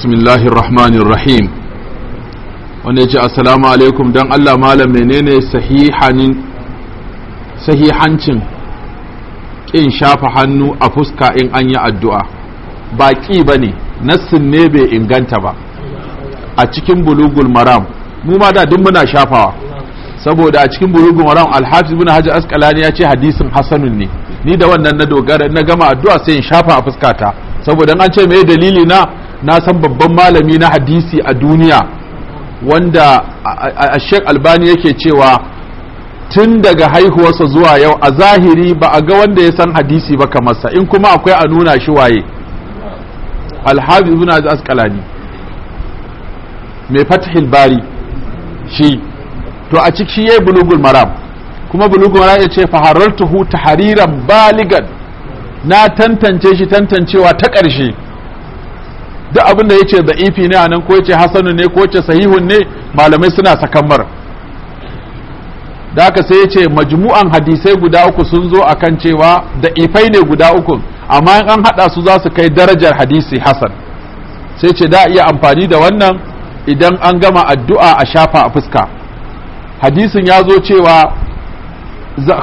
bismillahi rahmanir ya ce asalamu alaikum Dan allah malam menene sahihancin ƙin shafa hannu a fuska in anyi addu'a ba ƙi ba ne nassin ne bai inganta ba a cikin bulugul maram mu ma da duk muna shafawa saboda a cikin bulugul maram alhaji bin hajji askalani ya ce hadisin hasanun ne ni da wannan na dogara na gama addu'a sai in shafa a fuskata saboda an ce mai dalili na na san babban malami na hadisi a duniya wanda a sheik albani yake cewa tun daga haihuwarsa zuwa yau a zahiri ba a ga wanda ya san hadisi ba kamar in kuma akwai a nuna shi waye alhabi ibn asqalani mai fatihil bari shi to a ciki yayi bulugul maram kuma bulugul maram ya ce hu ta hariran baligan na tantance shi tantancewa ta ƙarshe duk abin da yace da'ifi ne anan ko yace hasanu ne ko yace sahihun ne malamai suna sakammar da haka sai yace majmu'an hadisai guda uku sun zo akan cewa da'ifai ne guda uku amma in an hada su za su kai darajar hadisi hasan sai ce da iya amfani da wannan idan an gama addu'a a shafa a fuska hadisin ya zo cewa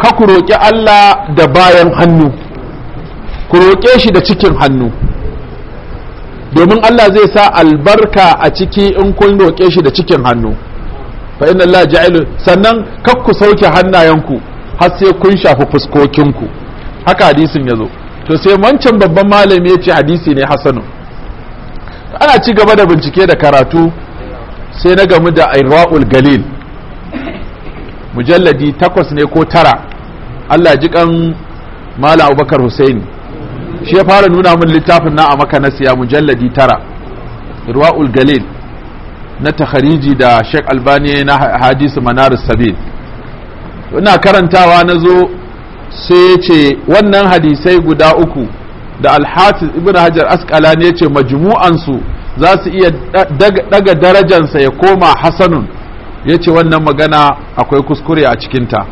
ka ku roƙi Allah da bayan hannu ku roƙe shi da cikin hannu domin Allah zai sa albarka a ciki in kun roƙe shi da cikin hannu fa inna Allah ja'ilu sannan kar ku sauke hannayenku har sai kun shafi fuskokinku haka hadisin yazo to sai wancan babban malami yace hadisi ne hasanu ana ci gaba da bincike da karatu sai na gamu da irwa'ul galil mujalladi takwas ne ko tara Allah ji kan mala abubakar husaini shi ya fara nuna min littafin na a maka na siya mujalladi tara ruwa'ul galil na takhariji da shek albani na hadisu manarus sabil ina karantawa na zo sai ya ce wannan hadisai guda uku da alhafiz ibn hajar askalani ya ce majmu'ansu za su iya daga darajansa ya koma hasanun ya ce wannan magana akwai kuskure a cikinta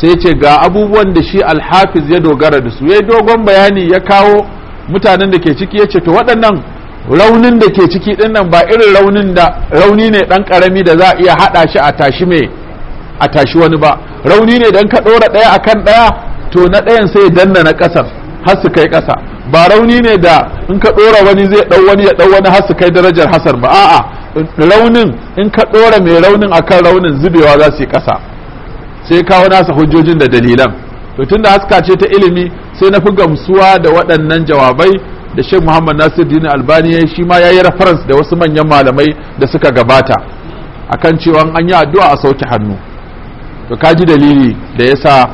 sai ce ga abubuwan da shi alhafiz ya dogara da su yayi dogon bayani ya kawo mutanen da ke ciki ya ce to waɗannan raunin da ke ciki ɗin ba irin raunin da rauni ne ɗan ƙarami da za a iya haɗa shi a tashi mai a tashi wani ba rauni ne dan ka ɗora ɗaya a kan ɗaya to na ɗayan sai danna na ƙasar har su kai ƙasa ba rauni ne da in ka ɗora wani zai ɗau wani ya ɗau wani har su kai darajar hasar ba a'a raunin in ka ɗora mai raunin akan raunin zubewa za su yi ƙasa sai kawo nasa hujjojin da dalilan to tun da haska ce ta ilimi sai na fi gamsuwa da waɗannan jawabai da Sheikh Muhammad Nasir Dini Albani shi ma yi reference da wasu manyan malamai da suka gabata akan cewa an yi addu'a a sauke hannu to kaji dalili da yasa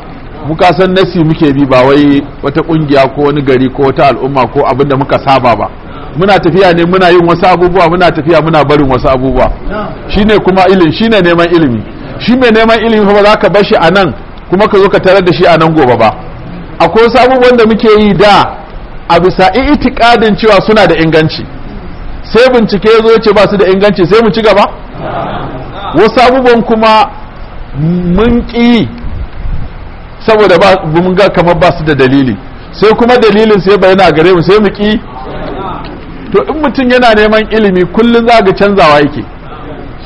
muka san nasi muke bi ba wai wata kungiya ko wani gari ko wata al'umma ko abin da muka saba ba muna tafiya ne muna yin wasu abubuwa muna tafiya muna barin wasu abubuwa shine kuma ilimi shine neman ilimi shi mai neman ilimi ba za ka bar shi a nan kuma ka zo ka tarar da shi a nan gobe ba akwai sabon wanda da muke yi da a bisa in itikadin cewa suna da inganci sai bincike ya zo ya ce ba su da inganci sai mu ci gaba wasu abubuwan kuma mun ƙi saboda ba mun ga kamar ba su da dalili sai kuma dalilin sai bai na gare mu sai mu ƙi to in mutum yana neman ilimi kullum za ga canzawa yake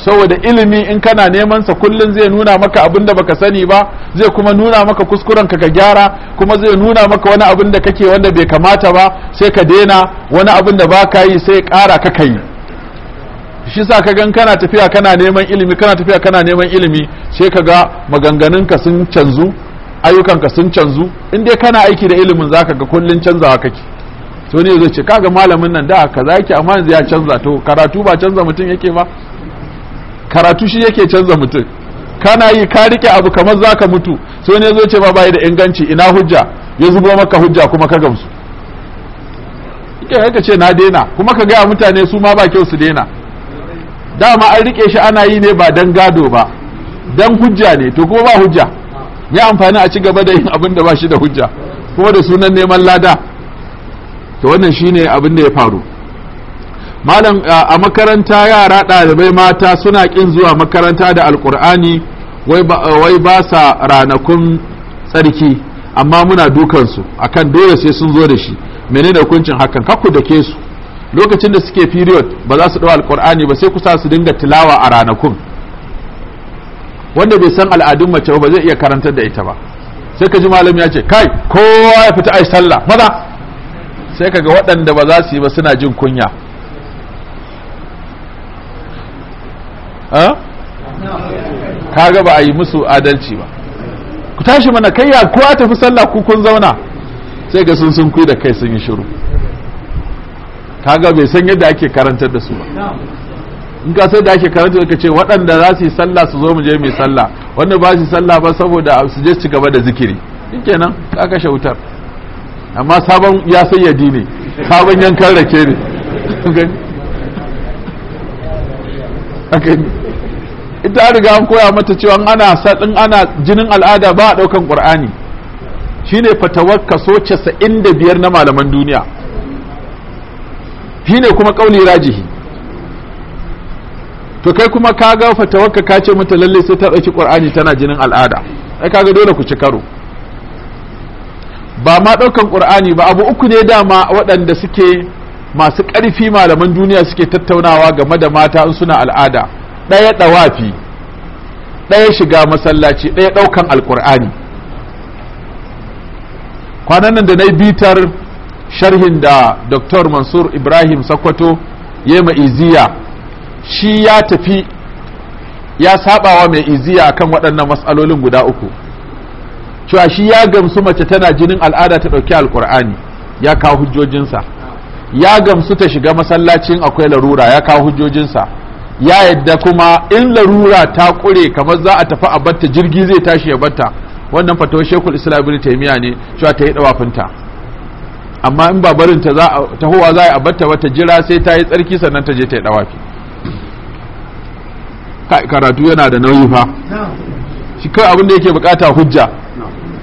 saboda ilimi in kana neman sa kullun zai nuna maka abin da baka sani ba zai kuma nuna maka kuskuren ka ka gyara kuma zai nuna maka wani abin da kake wanda bai kamata ba sai ka daina wani abin da baka yi sai ƙara ka kai shi sa ka gan kana tafiya kana neman ilimi kana tafiya kana neman ilimi sai ka ga maganganun ka sun canzu ayyukan ka sun canzu in dai kana aiki da ilimin zaka ga kullun canzawa kake to ne zai ce kaga malamin nan da kaza yake amma yanzu ya canza to karatu ba canza mutum yake ba karatu shi yake canza mutum kana yi ka rike abu kamar zaka mutu sai ne zo ce ba bai da inganci ina hujja ya zubo maka hujja kuma ka gamsu yake haka ce na dena. kuma ka gaya mutane su ma ba kyau su dena. dama an rike shi ana yi ne ba dan gado ba dan hujja ne to kuma ba hujja ya amfani a ci gaba da yin abin da ba shi da hujja kuma da sunan neman lada to wannan shine abin da ya faru malam a makaranta yara ɗalibai mata suna ƙin zuwa makaranta da alkur'ani wai ba sa ranakun tsarki amma muna dukansu akan dole sai sun zo da shi menene hukuncin hakan kakku da ke su lokacin da suke period ba za su ɗau alkur'ani ba sai kusa su dinga tilawa a ranakun wanda bai san al'adun mace ba zai iya karantar da ita ba sai ka ji malam ya ce kai kowa ya fita ai sallah maza sai ka ga waɗanda ba za su yi ba suna jin kunya Ka ga ba a yi musu adalci ba ku tashi mana kai ya kowa tafi sallah ku kun zauna sai ga sun sun da kai sun yi shiru ka ga bai san yadda ake karantar da su ba in ka sai da ake karanta da ce waɗanda za su yi sallah su zo mu je mai sallah wanda ba su yi sallah ba saboda su je su gaba da zikiri shikenan ka kashe wutar amma sabon ya sayyadi ne sabon yankan rake ne ita riga an koya mata cewa ana sadin ana jinin al'ada ba a daukan qur'ani shine fatawar kaso 95 na malaman duniya shine kuma kauli rajihi to kai kuma ka ga fatawar ka ce mata lalle sai ta ɗauki qur'ani tana jinin al'ada ai kaga dole ku ci karo ba ma ɗaukan qur'ani ba abu uku ne dama waɗanda suke masu ƙarfi malaman duniya suke tattaunawa game da mata in suna al'ada ɗaya ɗawafi ɗaya shiga masallaci ɗaya ɗaukan alkur'ani kwanan nan da na yi bitar sharhin da dr mansur ibrahim sakwato ya yi iziya shi ya tafi ya sabawa mai iziya akan waɗannan matsalolin guda uku cewa shi ya gamsu mace tana jinin al'ada ta ɗauki alkur'ani ya kawo hujjojinsa ya gamsu ta shiga masallacin akwai larura ya kawo hujjojinsa ya yadda kuma in larura ta kure kamar za a tafi a batta jirgi zai tashi ya batta wannan fatawar shekul islam ibn taymiya ne cewa ta yi dawafinta amma in ba barin ta za a za a batta wata jira sai ta yi tsarki sannan ta je ta yi dawafi karatu yana da nauyi fa shi kai abin da yake bukata hujja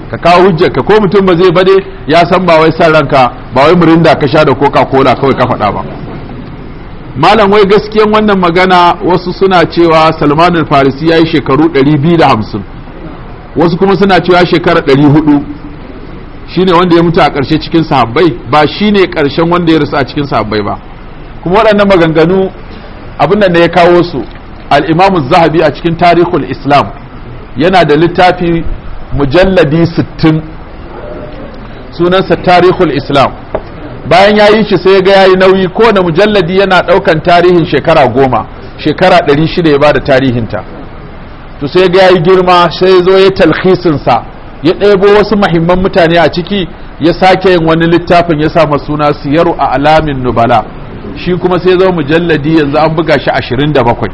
ka kawo hujjar ka ko mutum ba zai bade ya san ba wai san ranka ba wai murinda ka sha da coca cola kawai ka faɗa ba malam wai gaskiyan wannan magana wasu suna cewa salmanul farisi ya yi shekaru 250 wasu kuma suna cewa shekara 400 shine wanda ya mutu a ƙarshe cikin sahabbai ba shine ƙarshen wanda ya rasu a cikin sahabbai ba kuma waɗannan maganganu abin da ya kawo su al-imamu zahabi a cikin tarihul islam yana da littafi mujalladi 60 sunansa tarihul islam bayan ya yi shi sai ya ga ya yi nauyi kowane mujalladi yana ɗaukan tarihin shekara goma shekara ɗari shida ya bada da tarihinta to sai ga ya yi girma sai ya zo ya talhisinsa ya ɗebo wasu mahimman mutane a ciki ya sake yin wani littafin ya sa suna siyaru a alamin nubala shi kuma sai zo mujalladi yanzu an buga shi ashirin da bakwai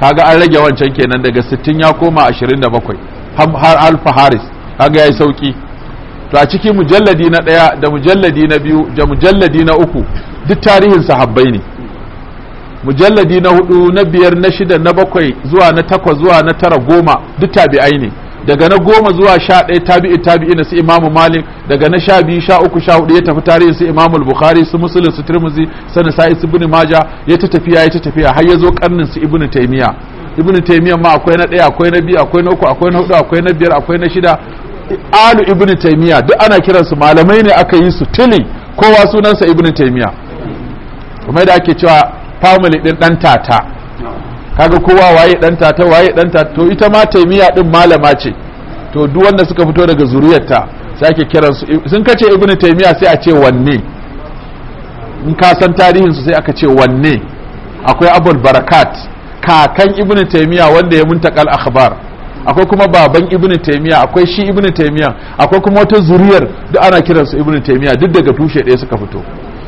kaga an rage wancan kenan daga sittin ya koma ashirin da bakwai har alfa haris kaga yi sauki to a cikin mujalladi na ɗaya da mujalladi na biyu da mujalladi na uku duk tarihin sahabbai ne mujalladi na hudu na biyar na shida na bakwai zuwa na takwas zuwa na tara goma duk tabi'ai ne daga na goma zuwa sha ɗaya tabi'i tabi'i na su imamu malik daga na sha biyu sha uku sha hudu ya tafi tarihin su imamu bukhari su musulun su turmuzi su nasa'i su ibn maja ya ta tafiya ya ta tafiya har ya zo karnin su ibn taimiya ibn taimiya ma akwai na ɗaya akwai na biyu akwai na uku akwai na hudu akwai na biyar akwai na shida alu ibn taimiya duk ana kiransu malamai ne aka yi su tili kowa sunansa ibn taimiya kuma da ake cewa family din dan tata kaga kowa waye dan tata waye dan tata to ita ma taimiya din malama ce to duk wanda suka fito daga zuriyarta sai ake kiransu sun kace ibn taimiya sai a ce wanne in ka san tarihin su sai aka ce wanne akwai abul barakat kakan ibn taimiya wanda ya muntakal akhbar akwai kuma baban ibnu taymiya akwai shi ibnu taymiya akwai kuma wata zuriyar da ana kiransu ibnu taymiya duk daga tushe ɗaya suka fito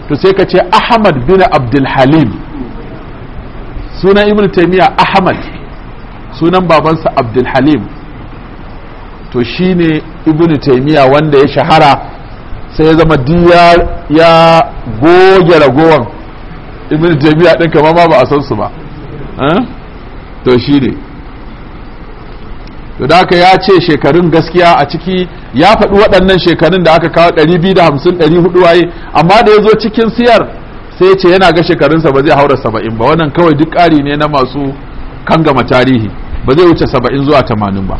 to sai ka ce ahmad bin abdul halim sunan ibnu taymiya ahmad sunan babansa abdul halim to shine ibnu taymiya wanda ya shahara sai ya zama diya ya goge ragowan ibnu taymiya din kamar ma ba a san su ba eh? to shine to da aka ya ce shekarun gaskiya a ciki ya faɗi waɗannan shekarun da aka kawo 250 400 waye amma da ya zo cikin siyar sai ya ce yana ga shekarunsa ba zai haura saba'in ba wannan kawai duk ƙari ne na masu kan gama tarihi ba zai wuce saba'in zuwa tamanin ba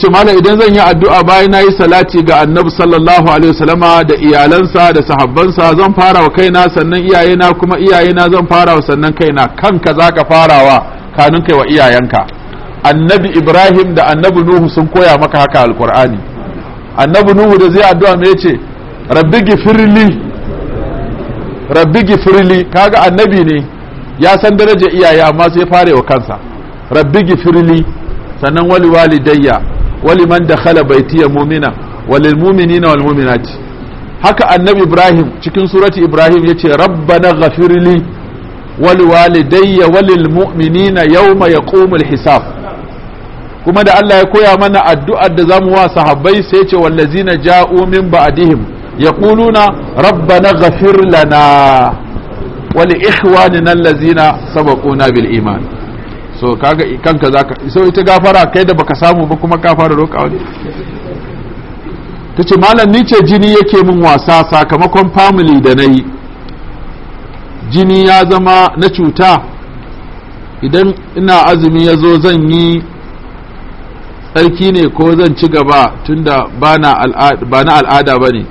ce malam idan zan yi addu'a bayan na yi salati ga annabi sallallahu alaihi wasallama da iyalansa da sahabbansa zan fara wa kaina sannan iyayena kuma iyayena zan fara wa sannan kaina kanka zaka farawa kanun kai wa iyayenka annabi ibrahim da annabi nuhu sun koya maka haka alkur'ani annabi nuhu da zai addu'a me yace rabbi gifirli rabbi gifirli kaga annabi ne ya san daraja iyaye amma sai fare wa kansa rabbi gifirli sannan wali walidayya wali man dakhala ya mu'mina walil mu'minina wal mu'minati haka annabi ibrahim cikin surati ibrahim yace rabbana ghafirli wal walidayya walil mu'minina yawma yaqumul hisab kuma da Allah ya koya mana addu'ar da zamu wa sahabbai sai ce wallazina ja'u min ba'dihim yaquluna rabbana ghafir lana wal ikhwanina allazina sabaquna bil iman so kaga kanka zaka so ita gafara kai da baka samu ba kuma ka fara roƙa wani tace malam ni ce jini yake min wasa sakamakon family da nayi jini ya zama na cuta idan ina azumi ya zo zan yi tsarki ne ko zan ci gaba tunda ba na al'ada ba ne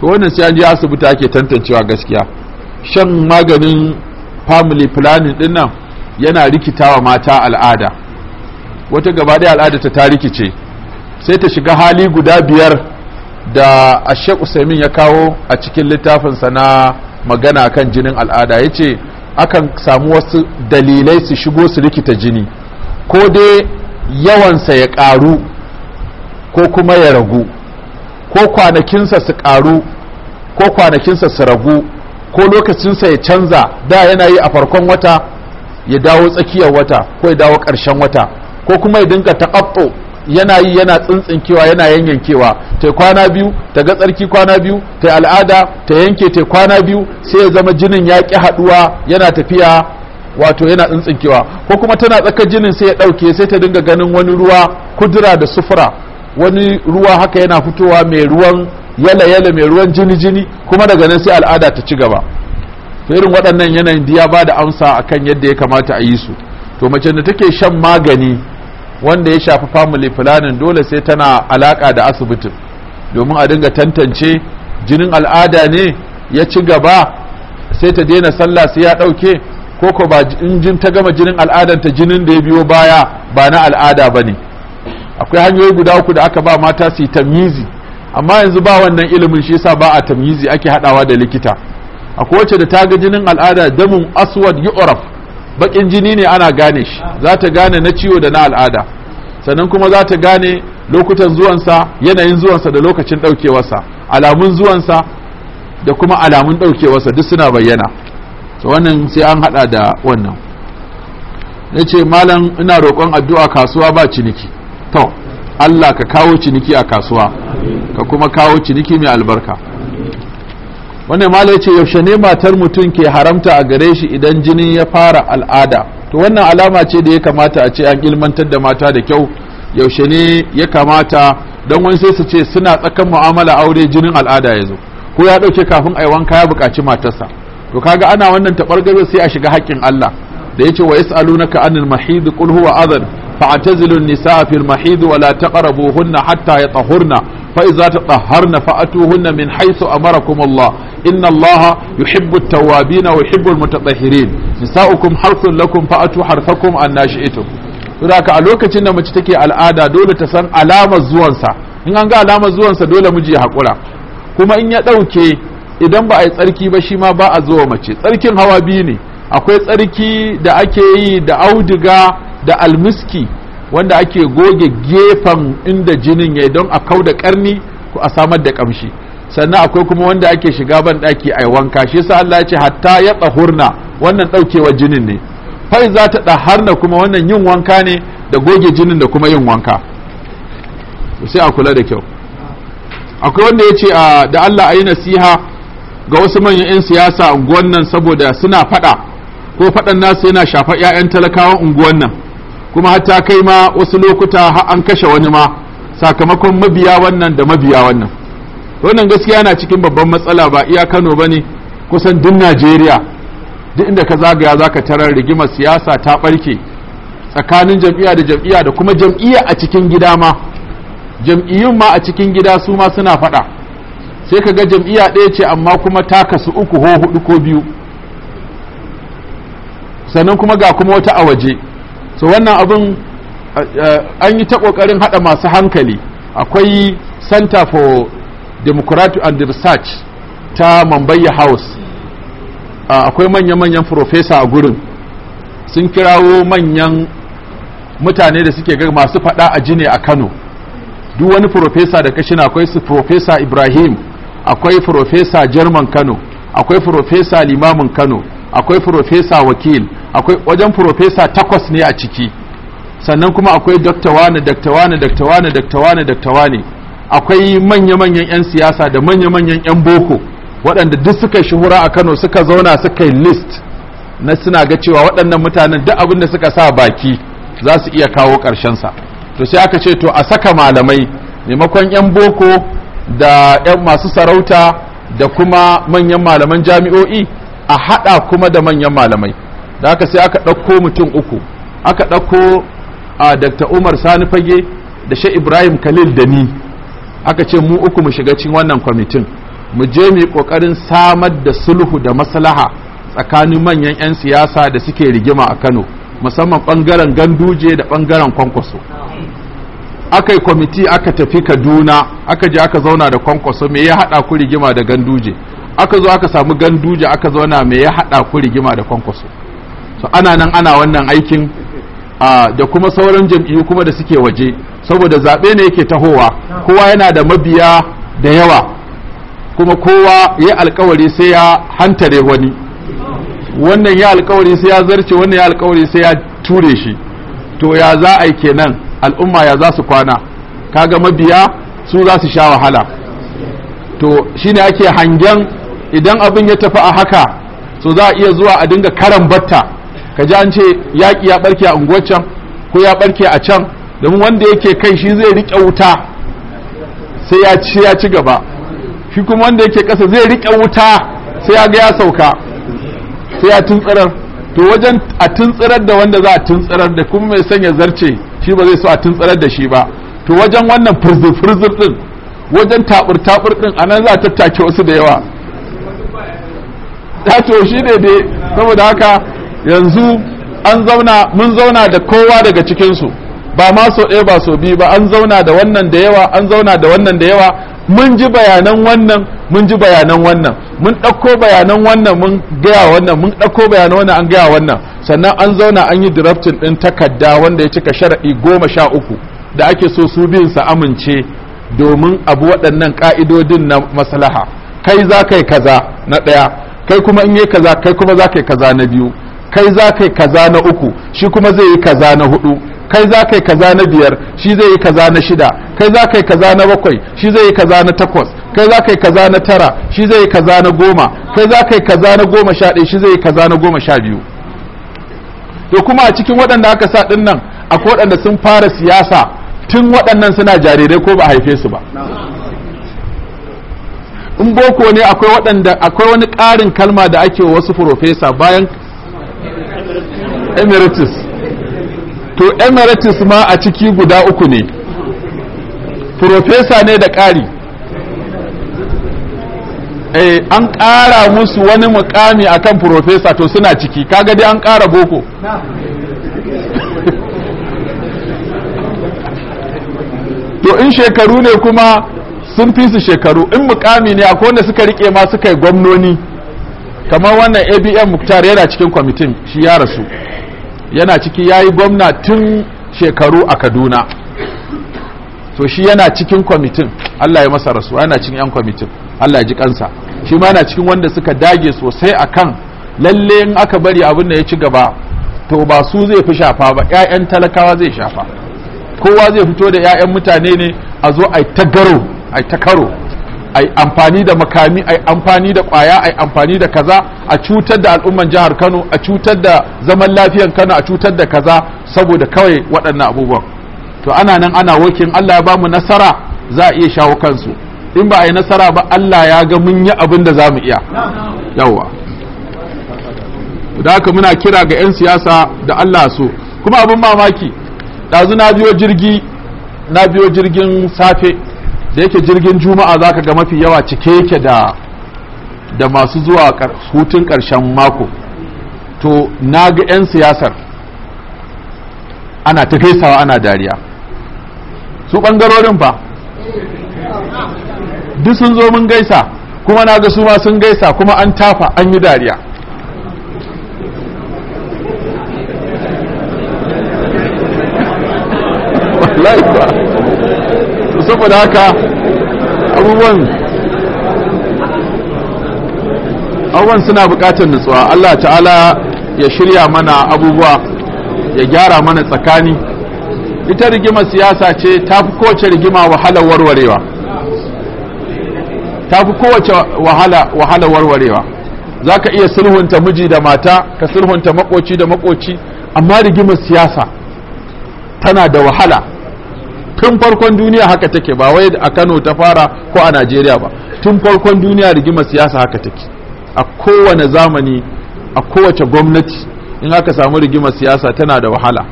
to wannan sai an je asibiti ake tantancewa gaskiya shan maganin family planning din nan yana wa mata al'ada wata gaba ɗaya al'ada ta ta rikice sai ta shiga hali guda biyar da ashe usaimin ya kawo a cikin littafinsa na magana kan jinin al'ada ya ce akan samu wasu dalilai su shigo su rikita jini ko dai yawansa ya ƙaru ko kuma ya ragu ko kwanakinsa su ƙaru ko kwanakinsa su ragu ko lokacinsa ya canza da yana yi a farkon wata ya dawo tsakiyar wata ko ya dawo ƙarshen wata ko kuma ya dinga taƙaɓɓo yana yi yana tsintsinkewa yana yanyankewa ta kwana biyu ta ga tsarki kwana biyu ta al'ada ta yanke ta kwana biyu sai ya zama jinin ya ƙi haɗuwa yana tafiya wato yana tsintsinkewa ko kuma tana tsaka jinin sai ya ɗauke sai ta dinga ganin wani ruwa kudura da sufura wani ruwa haka yana fitowa mai ruwan yala yala mai ruwan jini jini kuma daga nan sai al'ada ta ci gaba to irin waɗannan yanayin ya ba da amsa akan yadda ya kamata a yi su to mace da take shan magani wanda ya shafi family planning dole sai tana alaka da asibitin domin a dinga tantance jinin al'ada ne ya ci gaba sai ta daina sallah sai ya dauke ko ko ba jin ta gama jinin al'adar ta jinin da ya biyo baya ba na al'ada ba ne akwai hanyoyi guda uku da aka ba mata su tamyizi amma yanzu ba wannan ilimin shi yasa ba a tamyizi ake hadawa da likita akwai wacce da ta ga jinin al'ada damun aswad yu'raf bakin jini ne ana gane shi za ta gane na ciwo da na al'ada sannan kuma za ta gane lokutan zuwansa yanayin zuwansa da lokacin ɗaukewarsa alamun zuwansa da kuma alamun ɗaukewarsa duk suna bayyana so wannan sai an haɗa da wannan na ce malam ina roƙon addu'a kasuwa ba ciniki to Allah ka kawo ciniki a kasuwa ka kuma kawo ciniki mai albarka wannan malai ce yaushe ne matar mutum ke haramta a gare shi idan jini ya fara al'ada to wannan alama ce da ya kamata a ce an ilmantar da mata da kyau yaushe ne ya kamata don wani sai su ce suna tsakan mu'amala aure jinin al'ada ya zo ko ya ɗauke kafin a yi wanka ya buƙaci matarsa to kaga ana wannan taɓargaro sai a shiga haƙƙin Allah da ya ce wa yas'alunaka anil mahid qul huwa adhan fa'tazilun nisaa fil mahid wa la taqrabuhunna hatta yatahurna fa iza tatahharna fa'atuhunna min haythu amarakum Allah inna Allah yuhibbu at-tawwabin wa yuhibbu al-mutatahhirin nisa'ukum harthun lakum fa'atu harthakum an nashi'tum saboda a lokacin da mace take al'ada dole ta san alamar zuwansa in an ga alamar zuwansa dole miji ya hakura kuma in ya ɗauke idan ba a yi tsarki ba shi ma ba a zuwa mace tsarkin hawa biyu ne akwai tsarki da ake yi da auduga da almiski wanda ake goge gefen inda jinin ya don a kau da karni ko a samar da kamshi sannan akwai kuma wanda ake shiga ban daki a wanka shi yasa Allah ya ce hatta ya tsahurna wannan daukewa jinin ne fai za ta na kuma wannan yin wanka ne da goge jinin da kuma yin wanka sai a kula da kyau akwai wanda ya ce da Allah a yi nasiha ga wasu manyan 'yan siyasa unguwan nan saboda suna faɗa ko faɗan nasu yana shafa 'ya'yan talakawan unguwan nan kuma hatta kai ma wasu lokuta har an kashe wani ma sakamakon mabiya wannan da mabiya wannan wannan gaskiya na cikin babban matsala ba iya Kano bane kusan duk Najeriya duk inda ka zagaya zaka tarar rigimar siyasa ta ɓarke tsakanin jam'iyya da jam'iyya da kuma jam'iyya a cikin gida ma jam'iyyun ma a cikin gida su ma suna faɗa sai ka ga jam'iyya ɗaya ce amma kuma ta kasu uku ko hudu ko biyu sannan kuma ga kuma wata a waje so wannan abin an yi ta kokarin hada masu hankali akwai center for democratic and research ta mambayya house akwai manya-manyan profesa a gurin sun kirawo manyan mutane da suke ga masu fada a jini a kano duk wani profesa da kashina akwai su profesa ibrahim akwai profesa german kano akwai profesa limamin kano akwai profesa wakil akwai wajen profesa takwas ne a ciki sannan kuma akwai dakta wane dakta wane dakta wane wane wane akwai manya-manyan 'yan siyasa da manya-manyan 'yan boko waɗanda duk suka shuhura a kano suka zauna suka yi list na suna ga cewa waɗannan mutanen duk abin da suka sa baki za su iya kawo ƙarshensa to sai aka ce to a saka malamai maimakon 'yan boko da 'yan masu sarauta da kuma manyan malaman jami'o'i a haɗa kuma da manyan malamai da aka sai aka ɗauko mutum uku aka ɗauko a dr umar sani fage da shi ibrahim khalil da ni aka ce mu uku mu shiga cin wannan kwamitin mu je mu ƙoƙarin samar da sulhu da maslaha tsakanin manyan 'yan siyasa da suke rigima a kano musamman ɓangaren ganduje da ɓangaren kwankwaso aka yi kwamiti aka tafi kaduna aka je aka zauna da kwankwaso me ya haɗa ku rigima da ganduje aka zo aka samu ganduje aka zauna me ya haɗa ku rigima da kwankwaso so ana nan ana wannan aikin da kuma sauran jam'iyyu kuma da suke waje saboda zaɓe ne yake tahowa kowa yana da mabiya da yawa kuma kowa ya alkawari sai ya hantare wani wannan ya alkawari sai ya zarce wannan ya alkawari sai ya ture shi to ya za a yi kenan al'umma ya za su kwana kaga mabiya su za su sha wahala to shine ake hangen idan abin ya tafi a haka so za a iya zuwa a dinga karan batta ka ji an ce yaƙi ya ɓarke a unguwar can ko ya ɓarke a can domin wanda yake kai shi zai riƙe wuta sai ya ci ya ci gaba shi kuma wanda yake ƙasa zai riƙe wuta sai ya ga ya sauka sai ya tuntsirar to wajen a tuntsirar da wanda za a tuntsirar da kuma mai sanya zarce shi ba zai so a tuntsirar da shi ba to wajen wannan furzir furzir din wajen tabur tabur din nan za a tattake wasu da yawa da to shi ne dai saboda haka yanzu an zauna mun zauna da kowa daga cikinsu ba ma so ɗaya ba so biyu ba an zauna da wannan da yawa an zauna da wannan da yawa mun ji bayanan wannan mun ji bayanan wannan mun ɗauko bayanan wannan mun gaya wannan mun ɗauko bayanan wannan an gaya wannan sannan an zauna an yi drafting ɗin takarda wanda ya cika sharaɗi goma sha uku da ake so su biyun sa amince domin abu waɗannan ƙa'idodin na maslaha kai za ka yi kaza na ɗaya kai kuma in yi kaza kai kuma za ka yi kaza na biyu kai za ka yi kaza na uku shi kuma zai yi kaza na hudu kai za ka yi kaza na biyar shi zai yi kaza na shida kai za ka yi kaza na bakwai shi zai yi kaza na takwas kai za ka yi kaza na tara shi zai yi kaza na goma kai za ka yi kaza na goma sha ɗaya shi zai yi kaza na goma sha biyu to kuma a cikin waɗanda aka sa ɗin nan akwai waɗanda sun fara siyasa tun waɗannan suna jarirai ko ba haife su ba in boko ne akwai waɗanda akwai wani ƙarin kalma da ake wasu profesa bayan emirates to emirates ma a ciki guda uku ne profesa ne da ƙari eh an ƙara musu wani mukami akan profesa to suna ciki kaga dai an ƙara boko to in shekaru ne kuma sun fi su shekaru in mukami ne akwai wanda suka rike ma suka yi gwamnoni kamar wannan abm muktar yana cikin kwamitin shi ya rasu yana ciki ya yi gwamna tun shekaru a kaduna to shi yana cikin kwamitin allah ya masa rasuwa yana cikin 'yan kwamitin allah ya ji kansa shi ma yana cikin wanda suka dage sosai akan lalle in aka bari abin da ya ci gaba to ba su zai fi shafa ba 'ya'yan talakawa zai shafa kowa zai fito da 'ya'yan mutane ne a zo a ta garo a ta karo ai amfani da makami ai amfani da kwaya ai amfani da kaza a cutar da al'umman jihar Kano a cutar da zaman lafiyar Kano a cutar da kaza saboda kawai waɗannan abubuwan to ana nan ana wakin Allah ya bamu nasara za a iya shawo kansu in ba a yi nasara ba Allah ya ga mun yi abin da za mu iya yawa da haka muna kira ga 'yan siyasa da Allah so kuma abin mamaki ɗazu na biyo jirgi na biyo jirgin safe da yake jirgin juma'a zaka ga mafi yawa cike yake da da masu zuwa hutun karshen mako to na ga 'yan siyasar ana ta gaisawa ana dariya su ɓangarorin ba duk sun zo mun gaisa kuma na ga su ma sun gaisa kuma an tafa an yi dariya saboda haka abubuwan abubuwan suna bukatar nutsuwa Allah ta'ala ya shirya mana abubuwa ya gyara mana tsakani ita rigimar siyasa ce ta fi kowace rigima wahalar warwarewa ta fi kowace wahala warwarewa za ka iya sulhunta miji da mata ka sulhunta makoci da makoci amma rigimar siyasa tana da wahala tun farkon duniya haka take ba wai a Kano ta fara ko a Najeriya ba tun farkon duniya rigimar siyasa haka take a kowane zamani a kowace gwamnati in aka samu rigimar siyasa tana da wahala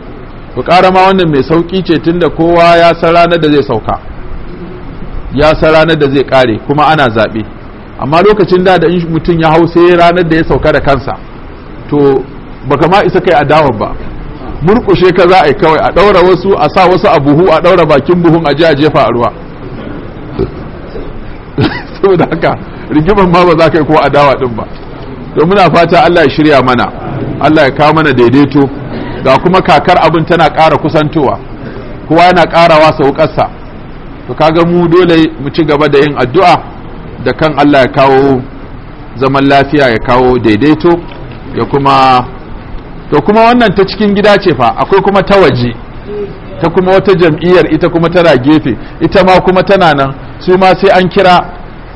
ku ƙara wannan mai sauki ce tunda kowa ya san ranar da zai sauka ya san ranar da zai ƙare kuma ana zaɓe amma lokacin da da in mutum ya hau sai ranar da ya sauka da kansa to baka ma isa kai adawar ba murkushe ka za a yi kawai a ɗaura wasu a sa wasu a buhu a ɗaura bakin buhun a a jefa a ruwa saboda haka rigiman ma ba za ka yi ko adawa din ba to muna fata Allah ya shirya mana Allah ya kawo mana daidaito ga kuma kakar abin tana ƙara kusantowa kowa yana ƙarawa ƙasa. to kaga mu dole mu ci gaba da yin addu'a da kan Allah ya kawo zaman lafiya ya kawo daidaito ya kuma to kuma wannan ta cikin gida ce fa akwai kuma ta waje ta kuma wata jam'iyyar ita kuma tana gefe ita ma kuma tana nan su ma sai an kira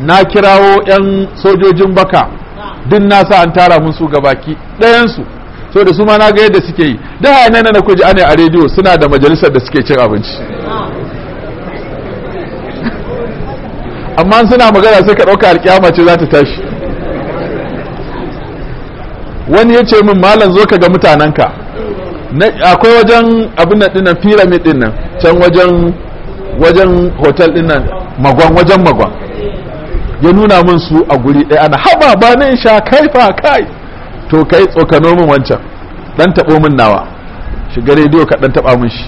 na kirawo 'yan sojojin baka duk nasa an tara mun su gabaki ɗayansu so da su ma na ga yadda suke yi da hanyar na kuji ana a rediyo suna da majalisar da suke cin abinci amma suna magana sai ka ɗauka alƙiyama ce za ta tashi wani ya ce min malam zo ka ga mutanenka akwai wajen abin nan dinnan pyramid dinnan can wajen wajen hotel dinnan magwan wajen magwan ya nuna min su a guri ɗaya ana haba ba ne sha kai fa kai to kai tsokano min wancan dan tabo min nawa shiga rediyo ka dan taba min shi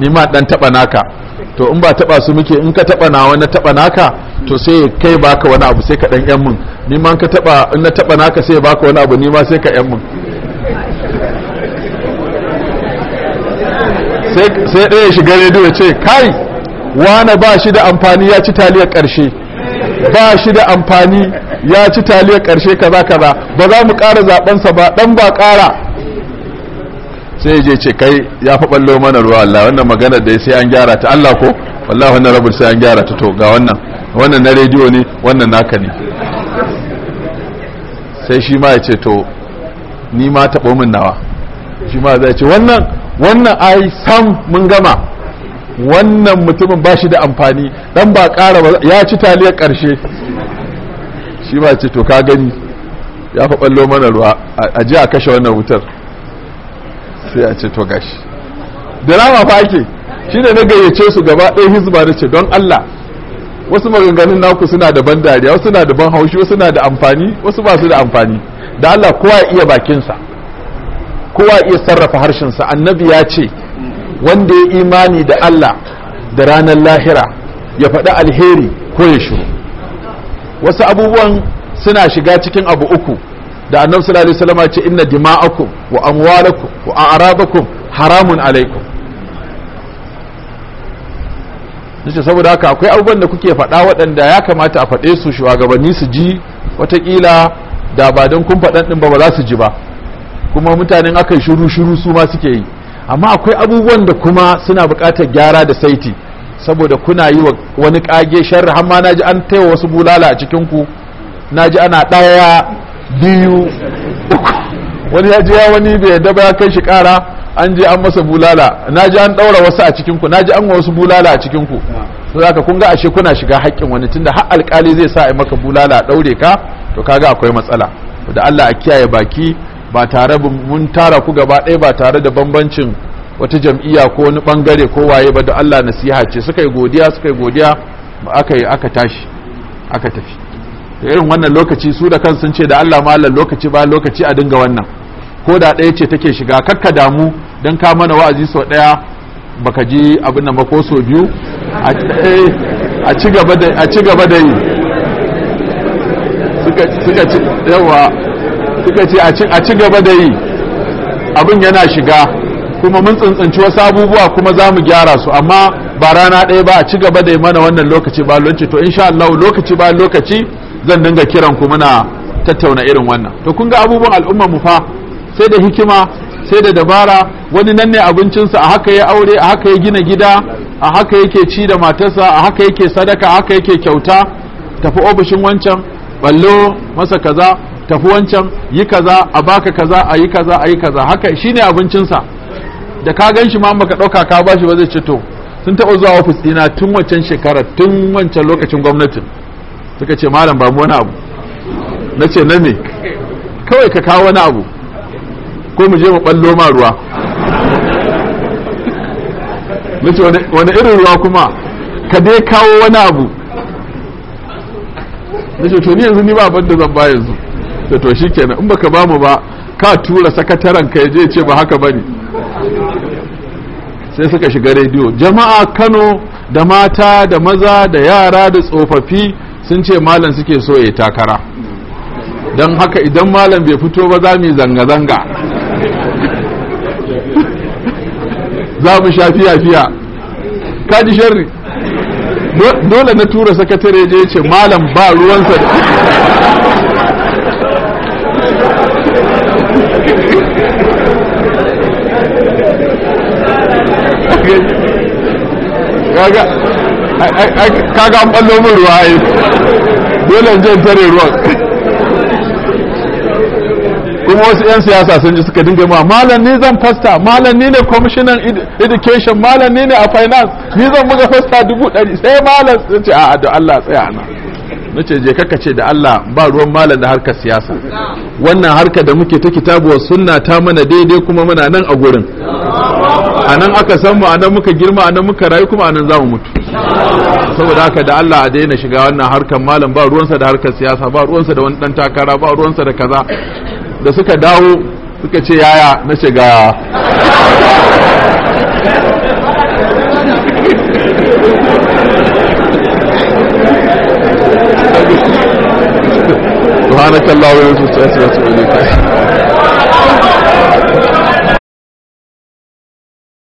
ni ma dan taba naka to in ba taba su muke in ka taba nawa na taba naka to sai kai baka wani abu sai ka dan yan mun ni ma ka taba in na taba naka sai baka wani abu ni ma sai ka yan mun sai ɗaya shiga rediyo ya ce kai wane ba shi da amfani ya ci taliyar ƙarshe ba shi da amfani ya ci taliyar ƙarshe kaza kaza ba za mu ƙara zaɓensa ba ɗan ba ƙara sai ya je ce kai ya fi ɓallo mana ruwa Allah wannan maganar da sai an gyara ta Allah ko wallahi wannan rabin sai an gyara ta to ga wannan wannan na rediyo ne wannan naka ne sai shi ma ya ce to ni ma taɓo min nawa shi ma zai ce wannan wannan ai sam mun gama wannan mutumin ba shi da amfani dan ba ƙara ba ya ci taliyar ƙarshe shi ma ce to ka gani ya fa ɓallo mana ruwa a ji a kashe wannan wutar sai a ce to gashi da rama fa ake shi ne na gayyace su gaba ɗaya hizba na ce don Allah wasu maganganun naku suna da ban dariya wasu na da ban haushi wasu na da amfani wasu ba su da amfani da Allah kowa iya bakinsa kowa iya sarrafa harshen sa annabi ya ce wanda ya imani da Allah da ranar lahira ya faɗi alheri ko ya shiru wasu abubuwan suna shiga cikin abu uku da annabi sallallahu alaihi wasallam ce inna dima'akum wa amwalakum wa a'radakum haramun alaikum nace saboda haka akwai abubuwan da kuke faɗa waɗanda ya kamata a faɗe su shugabanni su ji watakila da ba don kun faɗan ɗin ba ba za su ji ba kuma mutanen aka yi shuru shiru su ma suke yi amma akwai abubuwan da kuma suna buƙatar gyara da saiti saboda kuna yi wa wani ƙage sharri har ma na ji an taiwa wasu bulala a cikin ku na ji ana ɗaya biyu wani ya je ya wani bai yadda ba ya kai shi ƙara an je an masa bulala na ji an daura wasu a cikinku na ji an wa wasu bulala a cikinku su za ka kun ga ashe kuna shiga haƙƙin wani tunda har alƙali zai sa a maka bulala a daure ka to kaga akwai matsala da Allah a kiyaye baki ba tare mun tara ku gaba ɗaya ba tare da bambancin wata jam'iyya ko wani bangare ko waye ba da Allah nasiha ce suka yi godiya suka yi godiya aka yi aka tashi aka tafi irin wannan lokaci su da kansu sun ce da Allah malam lokaci ba lokaci a dinga wannan ko da ɗaya ce take shiga kakka damu don ka mana wa'azi sau ɗaya baka ji abin nan ba ko sau biyu a eh, ci gaba da yi suka ce a ci gaba da yi abin yana shiga kuma mun tsuntsunci wasu abubuwa kuma za mu gyara su amma ba rana ɗaya ba a ci gaba da yi mana wannan lokaci ba lokaci to insha Allah lokaci ba lokaci zan dinga kiran ku muna tattauna irin wannan to kun ga abubuwan al'ummar mu fa sai da hikima sai da dabara wani nan ne abincinsa a haka ya aure a haka ya gina gida a haka yake ci da matarsa a haka yake sadaka a haka yake kyauta tafi ofishin wancan ballo masa kaza tafi wancan yi kaza a baka kaza a yi kaza a yi kaza haka shine abincinsa da ka gan shi ma baka ɗauka ka shi ba zai cito to sun taɓa zuwa ofis ɗina tun wancan shekara tun wancan lokacin gwamnatin suka ce malam ba wani abu na ce na me kawai ka kawo wani abu ko mu je mu ballo ma ruwa nace wani irin ruwa kuma ka dai kawo wani abu nace to ni yanzu ni ba abin da zan ba yanzu to to shikenan in baka bamu mu ba ka tura sakataren ka je ce ba haka bane sai suka shiga rediyo jama'a Kano da mata da maza da yara da tsofaffi sun ce malam suke so ya takara don haka idan malam bai fito ba za mu zanga-zanga za mu sha fiya fiya ka ji sharri dole na tura sakatare je ce malam ba ruwansa kaga an ɓallo min ruwa dole in je tare ruwan kuma wasu 'yan siyasa sun ji suka dinga ma malam ni zan fasta malam ni ne commissioner education malam ni ne a finance ni zan buga fasta dubu ɗari sai malam sun ce a'a da Allah tsaya na na ce je kaka ce da Allah ba ruwan malam da harkar siyasa wannan harka da muke ta kitabu sunna ta mana daidai kuma muna nan a gurin a nan aka san mu a nan muka girma a nan muka rayu kuma a nan za mu mutu saboda haka da Allah a daina shiga wannan harkar malam ba ruwansa da harkar siyasa ba ruwansa da wani dan takara ba ruwansa da kaza da suka dawo suka ce yaya na shiga سبحانك اللهم وبحمدك